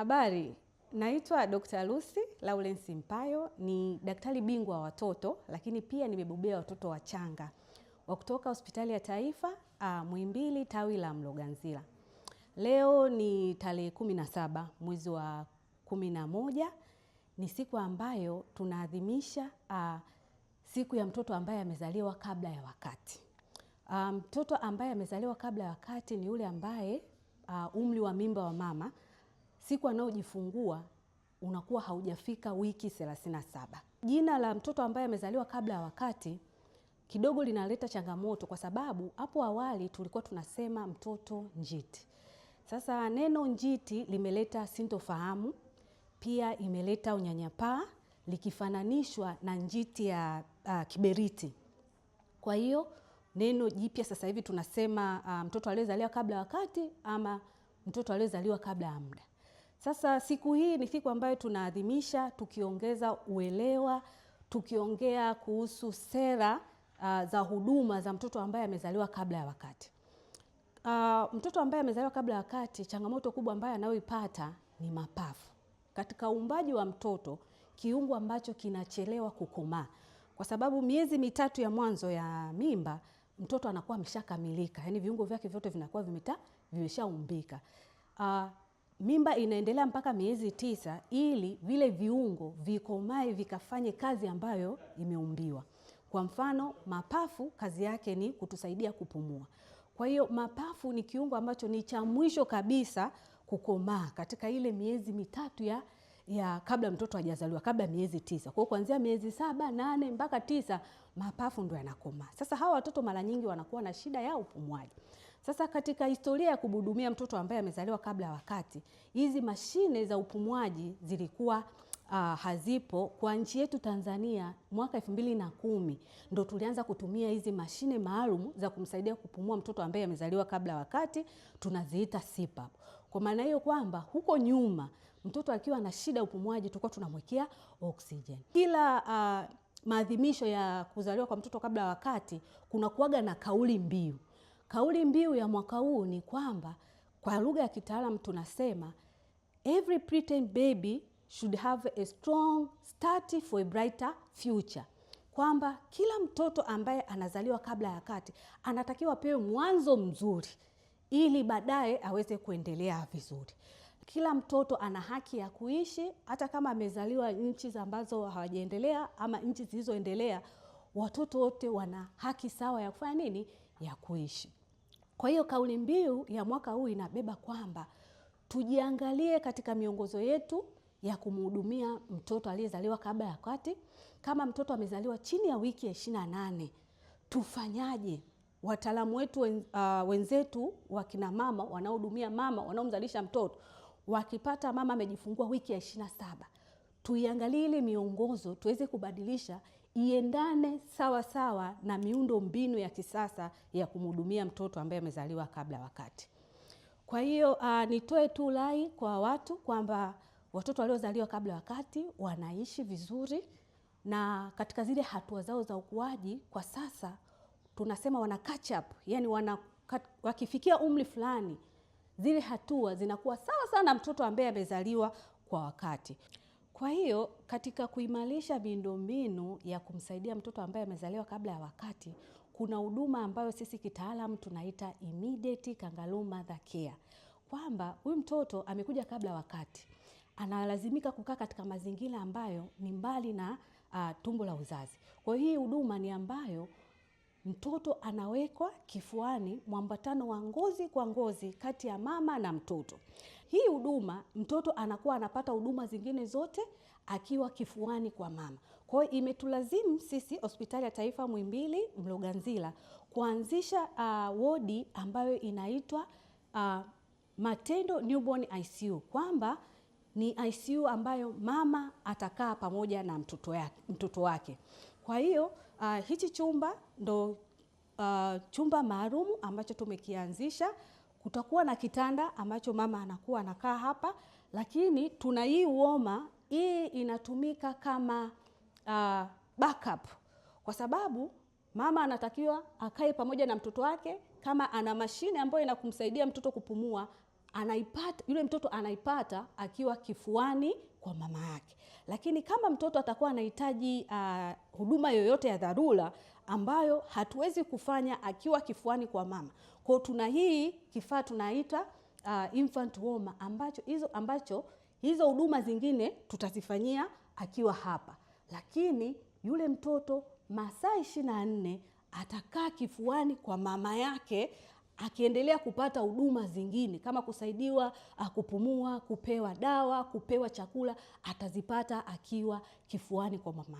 Habari, naitwa Dr. Lucy Lawrence Mpayo, ni daktari bingwa wa watoto, lakini pia nimebobea watoto wachanga wa kutoka hospitali ya taifa uh, Muhimbili tawi la Mloganzila. Leo ni tarehe kumi saba mwezi wa kumi moja ni siku ambayo tunaadhimisha uh, siku ya mtoto ambaye amezaliwa kabla ya wakati. Mtoto um, ambaye amezaliwa kabla ya wakati ni yule ambaye uh, umri wa mimba wa mama siku anayojifungua unakuwa haujafika wiki 37. Jina la mtoto ambaye amezaliwa kabla ya wakati kidogo linaleta changamoto, kwa sababu hapo awali tulikuwa tunasema mtoto njiti. Sasa neno njiti limeleta sintofahamu, pia imeleta unyanyapaa likifananishwa na njiti ya uh, kiberiti. Kwa hiyo neno jipya sasa hivi tunasema uh, mtoto aliyezaliwa kabla ya wakati ama mtoto aliyezaliwa kabla ya muda. Sasa siku hii ni siku ambayo tunaadhimisha tukiongeza uelewa, tukiongea kuhusu sera uh, za huduma za mtoto ambaye amezaliwa kabla ya wakati. Uh, mtoto ambaye amezaliwa kabla ya wakati, changamoto kubwa ambayo anayoipata ni mapafu. Katika uumbaji wa mtoto, kiungo ambacho kinachelewa kukomaa, kwa sababu miezi mitatu ya mwanzo ya mimba mtoto anakuwa ameshakamilika, yani viungo vyake vyote vinakuwa vimeta vimeshaumbika. Uh, mimba inaendelea mpaka miezi tisa ili vile viungo vikomae vikafanye kazi ambayo imeumbiwa. Kwa mfano, mapafu kazi yake ni kutusaidia kupumua. Kwa hiyo mapafu ni kiungo ambacho ni cha mwisho kabisa kukomaa katika ile miezi mitatu ya, ya kabla mtoto hajazaliwa, kabla miezi tisa. Kwa hiyo kuanzia miezi saba, nane mpaka tisa mapafu ndio yanakomaa. Sasa hawa watoto mara nyingi wanakuwa na shida ya upumuaji. Sasa katika historia ya kumhudumia mtoto ambaye amezaliwa kabla ya wakati, hizi mashine za upumuaji zilikuwa Uh, hazipo kwa nchi yetu Tanzania. Mwaka elfu mbili na kumi ndo tulianza kutumia hizi mashine maalum za kumsaidia kupumua mtoto ambaye amezaliwa kabla wakati, tunaziita CPAP. Kwa maana hiyo kwamba huko nyuma mtoto akiwa na shida ya upumuaji tulikuwa tunamwekea oksijeni. Kila uh, maadhimisho ya kuzaliwa kwa mtoto kabla wakati kuna kuaga na kauli mbiu Kauli mbiu ya mwaka huu ni kwamba kwa lugha ya kitaalamu tunasema every preterm baby should have a strong start for a brighter future, kwamba kila mtoto ambaye anazaliwa kabla ya wakati anatakiwa apewe mwanzo mzuri ili baadaye aweze kuendelea vizuri. Kila mtoto ana haki ya kuishi, hata kama amezaliwa nchi ambazo hawajaendelea ama nchi zilizoendelea, watoto wote wana haki sawa ya kufanya nini, ya kuishi. Kwa hiyo kauli mbiu ya mwaka huu inabeba kwamba tujiangalie katika miongozo yetu ya kumhudumia mtoto aliyezaliwa kabla ya wakati. Kama mtoto amezaliwa chini ya wiki ya ishirini na nane tufanyaje? Wataalamu wetu wen, uh, wenzetu wakina mama wanaohudumia mama wanaomzalisha mtoto wakipata mama amejifungua wiki ya ishirini na saba tuiangalie ile miongozo tuweze kubadilisha iendane sawa sawa na miundo mbinu ya kisasa ya kumhudumia mtoto ambaye amezaliwa kabla wakati. Kwa hiyo uh, nitoe tu lai kwa watu kwamba watoto waliozaliwa kabla wakati wanaishi vizuri na katika zile hatua zao za ukuaji, kwa sasa tunasema wana catch up, yani wana wakifikia umri fulani zile hatua zinakuwa sawa sawa na mtoto ambaye amezaliwa kwa wakati. Kwa hiyo katika kuimarisha miundombinu ya kumsaidia mtoto ambaye amezaliwa kabla ya wakati, kuna huduma ambayo sisi kitaalamu tunaita immediate kangaroo mother care, kwamba huyu mtoto amekuja kabla wakati, analazimika kukaa katika mazingira ambayo ni mbali na uh, tumbo la uzazi. Kwa hiyo hii huduma ni ambayo mtoto anawekwa kifuani, mwambatano wa ngozi kwa ngozi kati ya mama na mtoto. Hii huduma mtoto anakuwa anapata huduma zingine zote akiwa kifuani kwa mama. Kwa hiyo imetulazimu sisi hospitali ya taifa Muhimbili Mloganzila kuanzisha uh, wodi ambayo inaitwa uh, Matendo Newborn ICU kwamba ni ICU ambayo mama atakaa pamoja na mtoto, ya, mtoto wake. Kwa hiyo Uh, hichi chumba ndo uh, chumba maalumu ambacho tumekianzisha. Kutakuwa na kitanda ambacho mama anakuwa anakaa hapa, lakini tuna hii uoma hii inatumika kama uh, backup kwa sababu mama anatakiwa akae pamoja na mtoto wake. Kama ana mashine ambayo inakumsaidia mtoto kupumua, anaipata yule mtoto anaipata akiwa kifuani kwa mama yake. Lakini kama mtoto atakuwa anahitaji uh, huduma yoyote ya dharura ambayo hatuwezi kufanya akiwa kifuani kwa mama, kwao tuna hii kifaa tunaita uh, infant warmer ambacho hizo ambacho hizo huduma zingine tutazifanyia akiwa hapa, lakini yule mtoto masaa ishirini na nne atakaa kifuani kwa mama yake akiendelea kupata huduma zingine kama kusaidiwa ah, kupumua, kupewa dawa, kupewa chakula atazipata akiwa kifuani kwa mama